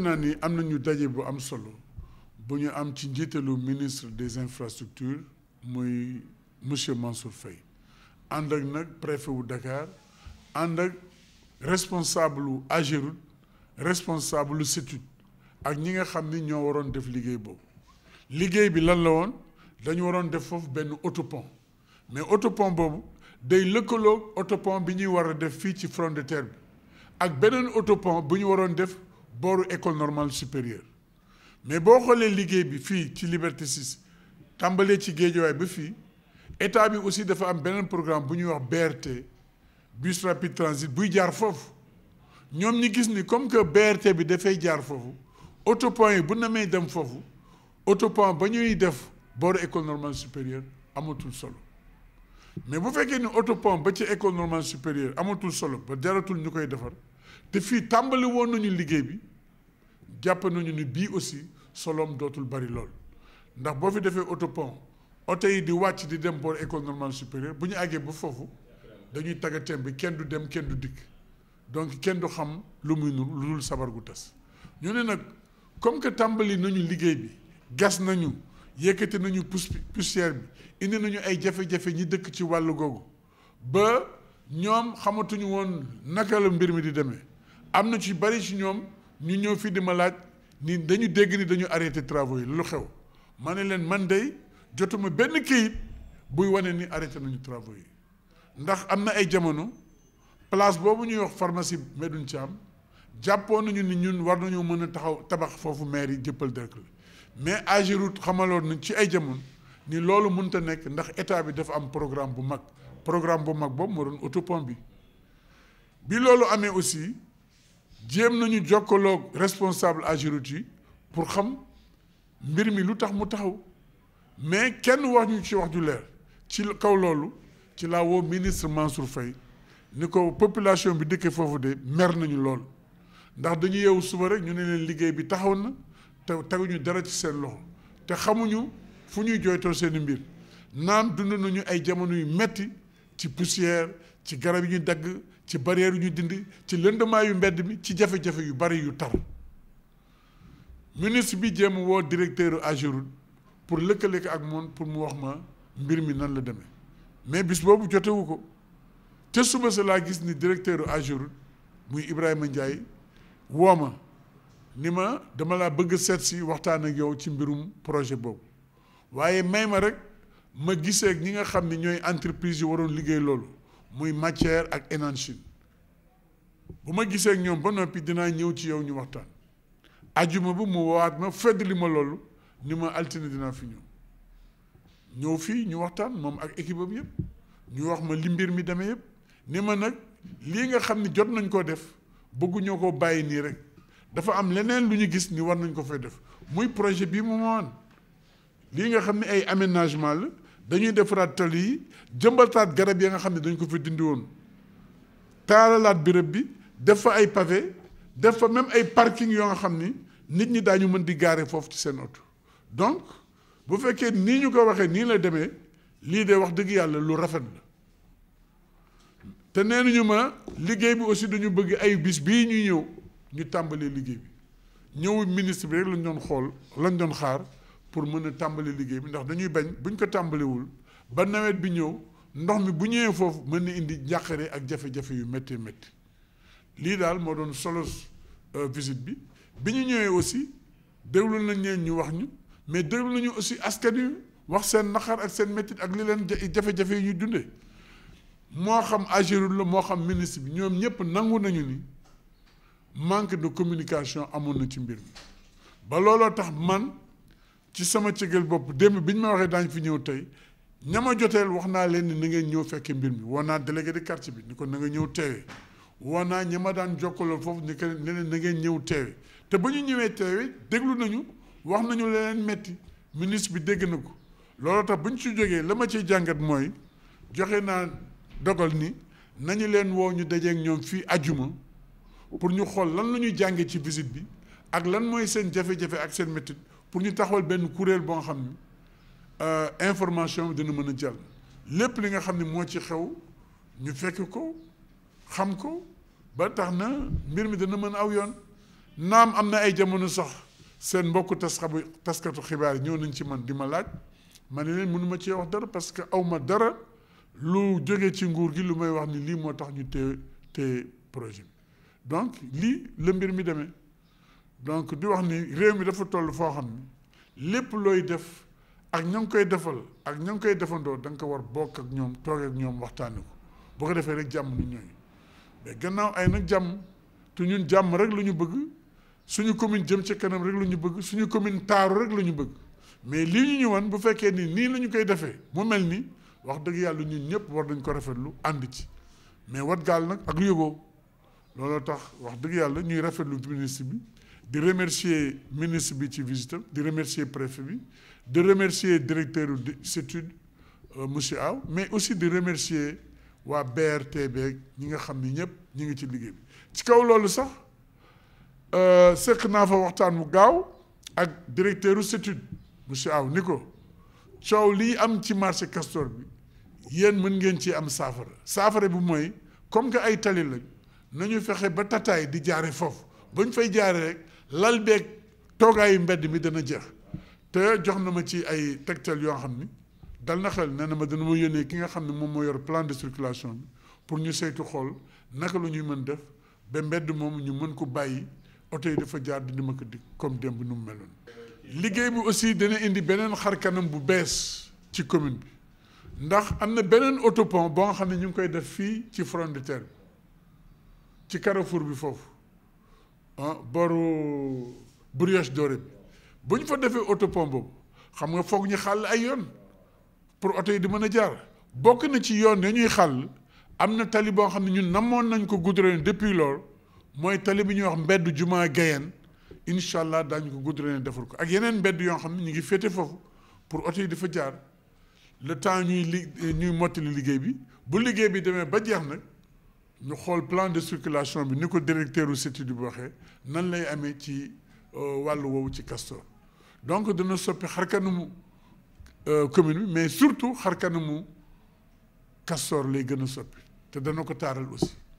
naa ni am nañu daje bu am solo bu ñu am ci njiitalu ministre des infrastructures muy monsieur Mansour Faye ànd ak nag préfet wu Dakar ànd ak responsable wu Ageroute responsable lu CETUD ak ñi nga xam ni ñoo waroon def liggéey boobu liggéey bi lan la woon dañu waroon def foofu benn autopont mais autopont boobu day lëkkaloog autopont bi ñuy war a def fii ci front de terre bi ak beneen autopont bu ñu waroon def booru école normale supérieure mais boo xoolee liggéey bi fii ci Liberté 6 tàmbalee ci géejawaay ba fii état bi aussi dafa am beneen programme bu ñuy wax BRT bus rapide transit buy jaar foofu ñoom ñi gis ni comme que BRT bi dafay jaar foofu autopont yi bu namee dem foofu autopont ba ñuy def booru école normale supérieure amatul solo mais bu fekkee ni autopont ba ci école normale supérieure amatul solo ba jaratul ñu koy defar te fii tàmbali woon nañu liggéey bi jàpp nañu ni bii aussi solom dootul bari lool ndax boo fi defee autopont oto yi di wàcc di dem boor école normale supérieure bu ñu àggee ba foofu dañuy taggatem bi kenn du dem kenn du dikk donc kenn du xam lu muy nu lu dul sabar gu tas ñu ne nag comme que tàmbali nañu liggéey bi gas nañu yëkkati nañu pus poussière bi indi nañu ay jafe-jafe ñi dëkk ci wàll googu ba ñoom xamatuñu woon naka la mbir mi di demee am na ci bari ci ñoom ñu ñëw fii di ma laaj ni dañu dégg ni dañu arrêté travaux yi lu xew ma ne leen man day jotuma benn kayit buy wane ni arrêté nañu travaux yi ndax am na ay jamono place boobu ñuy wax pharmacie Medoune Thiam jàppoon nañu ni ñun war nañoo mën a taxaw tabax foofu maire yi jëppal dëkk la mais Ageroute xamaloon nañ ci ay jamono ni loolu mënut a nekk ndax état bi dafa am programme bu mag programme bu mag boobu moo doon autopont bi bi loolu amee aussi. jéem nañu jokkaloog responsable Agirut yi pour xam mbir mi lu tax mu taxaw mais kenn wax ñu ci wax ju leer ci kaw loolu ci laa woo ministre Mansour Faye ni ko population bi dëkkee foofu de mer nañu lool ndax dañu yeewu suba rek ñu ne leen liggéey bi taxaw na te teguñu dara ci seen loxo te xamuñu fu ñuy jooytoo seen mbir naam dund nañu ay jamono yu metti ci poussière ci garab yi ñu dagg ci barrière yu ñu dindi ci lëndëmaa yu mbedd mi ci jafe-jafe yu bari yu tar ministre bi jéem woo directeur Ageroute pour lëkkale ko ak moom pour mu wax ma mbir mi nan la demee mais bis boobu jotewu ko ca suba sa laa gis ni directeur Ageroute muy Ibrahima Ndiaye woo ma ni ma dama laa bëgg seet si waxtaan ak yow ci mbirum projet boobu waaye may ma rek ma gisee ak ñi nga xam ni ñooy entreprise yi waroon liggéey loolu muy matière ak énergie bu ma gisee ñoom ba noppi dinaa ñëw ci yow ñu waxtaan ajuma bu mu waat ma fedd li ma loolu ni ma altine dinaa fi ñëw ñëw fii ñu waxtaan moom ak équipe am yëpp ñu wax ma li mbir mi demee yëpp ni ma nag lii nga xam ne jot nañ koo def bëgguñoo ko bàyyi nii rek dafa am leneen lu ñu gis ni war nañ ko fay def muy projet bi mu ma lii nga xam ne ay aménagement la dañuy defaraat tali jëmbal jëmbaltaat garab yi nga xam ne dañ ko fi dindi woon taaralaat béréb bi def fa ay pavé def fa même ay parking yoo nga xam ni nit ñi daañu mën di gaaree foofu ci seen oto donc bu fekkee nii ñu ko waxee nii la demee lii de wax dëgg yàlla lu rafet la te nee nañu ma liggéey bi aussi dañu bëgg ay bis bii ñuy ñëw ñu tàmbalee liggéey bi ñëwu ministre bi rek lañ doon xool lañ doon xaar pour mën a tàmbali liggéey bi ndax dañuy bañ buñ ko tàmbaliwul ba nawet bi ñëw ndox mi bu ñëwee foofu mën na indi njàqare ak jafe-jafe yu métti métti lii daal moo doon solo euh, visite bi bi ñu ñëwee aussi déglu nañ leen ñu wax ñu mais déglu nañu aussi askan wi wax seen naqar ak seen métti ak li leen jafe-jafe yi ñu dundee moo xam agirul la moo xam ministre bi ñoom ñëpp nangu nañu ni manque de communication amoon na ci mbir mi ba looloo tax man. ci sama cëgal bopp démb bi ñu ma waxee daañ fi ñëw tey ñama joteel wax naa leen ni ngeen ñëw fekkee mbir mi woo naa délégué de quartier bi ni ko na nga ñëw teewee woo naa ña ma daan jokkaloo foofu ni que ne leen na ngeen ñëw teewee te ba ñu ñëwee teewee déglu nañu wax nañu leen metti ministre bi dégg na ko looloo tax bu ñu ci jógee la ma ciy jàngat mooy joxe naa dogal ni nañu leen woo ñu dajeek ñoom fii ajuma pour ñu xool lan la ñuy jàngee ci visite bi ak lan mooy seen jafe ak seen métit pour ñu taxawal benn kuréel boo xam ne euh, information bi dina mën a jàll lépp li nga xam ne moo ci xew ñu fekk ko xam ko ba tax na mbir mi dana mën aw yoon naam am na ay jamono sax seen mbokku taskabu taskatu xibaar yi ñëw nañ ci man di ma laaj ma ne leen mënuma cee wax dara parce que aw dara lu jóge ci nguur gi lu may wax ni lii moo tax ñu téye téye projet donc lii la mbir mi demee donc di wax ni réew mi dafa toll foo xam ni lépp looy def ak ña ngi koy defal ak ña ngi koy defandoo da nga ko war bokk ak ñoom toog ak ñoom waxtaani ko boo ko defee rek jàmm nu ñooy mais gannaaw ay nag jàmm te ñun jàmm rek lu ñu bëgg suñu commune jëm ci kanam rek lu ñu bëgg suñu commune taaru rek lu ñu bëgg mais lii ñu ñu bu fekkee ni nii la ñu koy defee mu mel ni wax dëgg yàlla ñun ñëpp war nañ ko rafetlu ànd ci mais wat gaal nag ak yóboo looloo tax wax dëgg yàlla ñuy rafetlu ministre bi di remercier ministre bi ci visitam di remercier préfet bi di remercier directeur d'étude euh, monsieur Aw mais aussi di remercier waa BRTB ñi nga xam ni ñëpp ñu ngi ci liggéey bi ci kaw loolu sax euh, sëq naa fa waxtaan wu gaaw ak directeur u étude monsieur Aw ni ko coow lii am ci marché Castor bi yéen mën ngeen ci am saafara saafara bu mooy comme que ay tali lañ nañu fexe ba tataay di jaare foofu ba ñu fay jaare rek lal beeg toogaayu mbedd mi dana jeex te jox na ma ci ay tegtal yoo xam ni dal na xel nee na ma dana ma yónnee ki nga xam ne moom moo yor plan de circulation bi pour ñu saytu xool naka lu ñuy mën def ba mbedd moom ñu mën ko bàyyi oto yi dafa jaar di ma ko dikk comme démb nu mu meloon. liggéey bi aussi dana indi beneen xar kanam bu bees ci commune bi. ndax am na beneen autopont boo xam ne ñu ngi koy def fii ci front de terre bi ci carrefour bi foofu ah boru brioche dorée bi bu ñu fa defee oto pont boobu xam nga foog ñu xàll ay yoon pour oto yi di mën a jaar bokk na ci yoon ya ñuy xàll am na tali boo xam ne ñun namoon nañ ko goudronné depuis lool mooy tali bi ñuy wax mbedd jumaa gayen incha allah daañu ko goudronné defar ko ak yeneen mbedd yoo xam ne ñu ngi féete foofu pour oto yi di fa jaar le temps ñuy li ñuy mottali liggéey bi bu liggéey bi demee ba jeex nag ñu xool plan de circulation bi ni ko directeur u CETUD bi waxee nan lay amee ci euh, wàllu woowu ci Castor donc dana soppi xarkanamu euh, commune bi mais surtout xarkanamu Castor lay gën a soppi te dana ko taaral aussi